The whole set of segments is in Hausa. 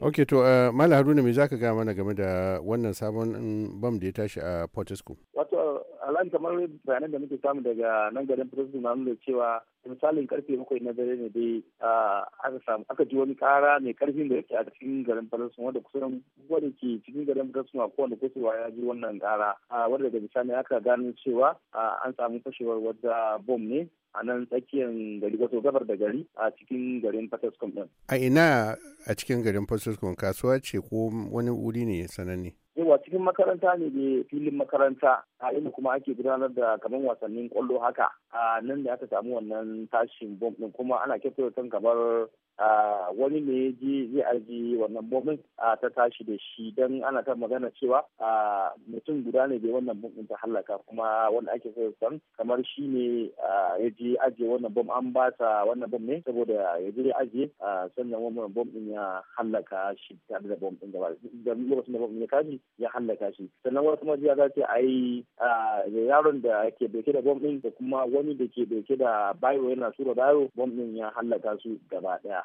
ok to uh, eh, mala haruna me zaka gaya mana game da wannan sabon bam mm, da ya tashi a uh, portisco alan kamar bayanan da muke samu daga nan garin fitosu na nuna cewa misalin karfe bakwai na dare ne dai aka samu aka ji wani kara mai karfin da yake a cikin garin fitosu wanda kusan wanda ke cikin garin fitosu a kowane kusurwa ya ji wannan kara wanda daga bisani aka gano cewa an samu fashewar wadda bom ne a nan tsakiyar gari wato gabar da gari a cikin garin fataskom din. A ina a cikin garin fataskom kasuwa ce ko wani wuri ne sananne? yawa cikin makaranta ne da filin makaranta a inda kuma ake gudanar da kamar wasannin kwallo haka a nan da aka samu wannan tashin bom din kuma ana kyautata kamar wani ne ya je zai aji wannan bomin ta tashi da shi don ana ta magana cewa mutum guda ne bai wannan bomin ta halaka kuma wanda ake sayar san kamar shi ne ya je ajiye wannan bom an ba sa wannan bom ne saboda ya je ajiye sannan wannan bom din ya halaka shi tare da bom din gaba da lokacin da bom ya kaji ya halaka shi sannan wasu majiya za ce ai da yaron da ke dauke da bom din da kuma wani da ke dauke da bayo yana tura bayo bom din ya halaka su gaba daya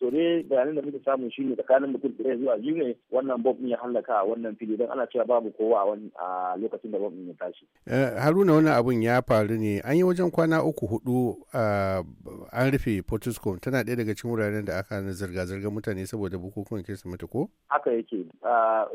sore bayanan da muke samu shine tsakanin mutum ɗaya zuwa biyu ne wannan bob ya hallaka a wannan fili don ana cewa babu kowa a lokacin da bob ya tashi. Eh, haruna wani abun ya faru ne an yi wajen kwana uku hudu an rufe portusco tana ɗaya daga cikin wuraren da aka na zirga-zirgar mutane saboda bukukuwan kirsimeti ko. haka yake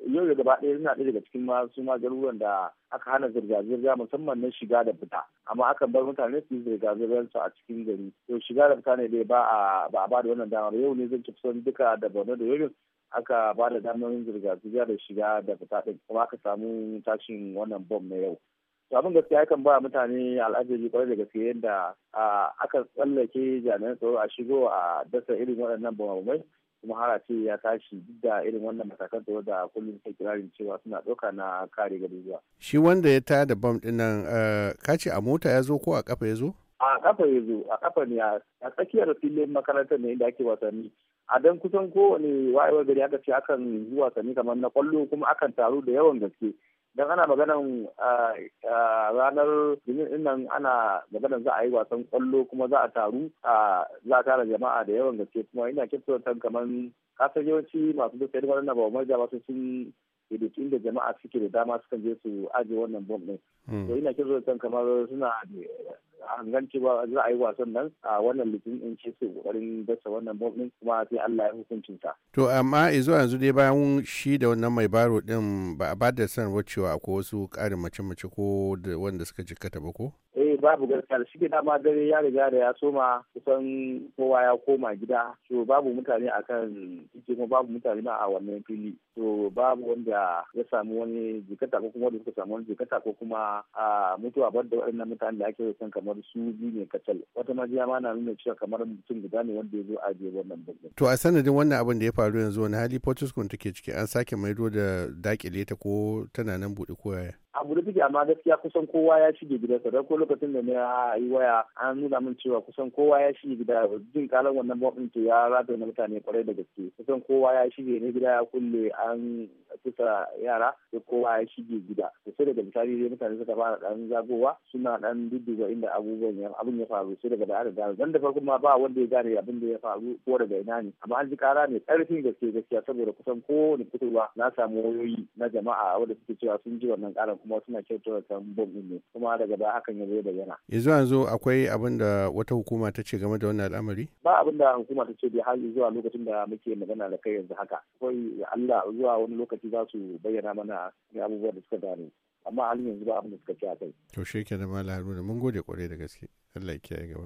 yau da gaba ɗaya suna ɗaya daga cikin masu ma da aka hana zirga-zirga musamman na shiga da fita amma aka bar mutane su yi zirga-zirgar a cikin gari to shiga da fita ne dai ba a ba da wannan dama yau ne zan cikin kusan duka da baune da yorin aka ba da damar zirga-zirga da shiga da fita ɗin kuma aka samu tashin wannan bom na yau to abin gaskiya yakan ba mutane al'ajabi kwarai da gaske yadda aka tsallake jami'an tsaro a shigo a dasa irin waɗannan bamamai kuma har a ce ya tashi duk da irin wannan matakan tsaro da kullum ta kirarin cewa suna ɗauka na kare gari zuwa. shi wanda ya tada bom ɗin nan eh, ka ce a mota ya zo ko a kafa ya zo? kafa ya zo a kafa ne a tsakiyar filin makarantar ne inda ake wasanni a dan kusan kowane wayewar gari aka ce akan yi wasanni kamar na kwallo kuma akan taru da yawan gaske dan ana maganan ranar jimin nan ana maganan za a yi wasan kwallo kuma za a taru za a tara jama'a da yawan gaske kuma ina kyautar kamar kasan yawanci masu duk sayar na bawa mai jama'a sun daidaito inda jama'a suke da dama sukan je su ajiye wannan bom din hmm. to ina kyautar kamar suna gan cewa za a yi wasan nan a wannan litinin in ce su kokarin dasa wannan bom kuma sai Allah ya hukuncin ta. to amma zuwa yanzu dai bayan shi da wannan mai baro din ba a ba da sanarwar cewa akwai wasu karin mace-mace ko da wanda suka jikkata ba ko eh, babu gaskiya da shige dama dare ya riga da ya soma kusan kowa ya koma gida to babu mutane a kan kuma babu mutane ma a wannan fili to babu wanda ya samu wani jikata ko kuma wanda suka samu wani jikata ko kuma a mutuwa ba da waɗannan mutane da ake san kamar su biyu ne kacal wata majiya ma na nuna cewa kamar mutum guda ne wanda ya zo a je wannan babban. to a sanadin wannan abin da ya faru yanzu wani hali portugal take ciki an sake maido da dakile ta ko tana nan buɗe koyaya. abu da take amma gaskiya kusan kowa ya shige gida don ko lokacin da na yi waya an nuna min cewa kusan kowa ya shige gida jin kalan wannan bom ya rata na mutane kwarai da gaske kusan kowa ya shige ne gida ya kulle an kusa yara da kowa ya shige gida sai daga misali dai mutane suka fara dan zagowa suna dan dudduba inda abubuwan ya abin ya faru sai daga da aka gano dan da farko ma ba wanda ya gane abin da ya faru ko daga ina ne amma an ji kara ne karfin gaske gaskiya saboda kusan ko da fitowa na samu wayoyi na jama'a wanda suke cewa sun ji wannan karan kuma suna kyautata kan bom din ne kuma daga ba hakan ya zo yana yanzu yanzu akwai abin da wata hukuma ta ce game da wannan al'amari ba abin da hukuma ta ce dai har zuwa lokacin da muke magana da kai yanzu haka akwai Allah zuwa wani lokaci za su bayyana mana abubuwan da suka gano amma halin yanzu ba abin da suka ci a kai. To shi kenan Malam Haruna mun gode kwarai da gaske. Allah ya kiyaye gaba.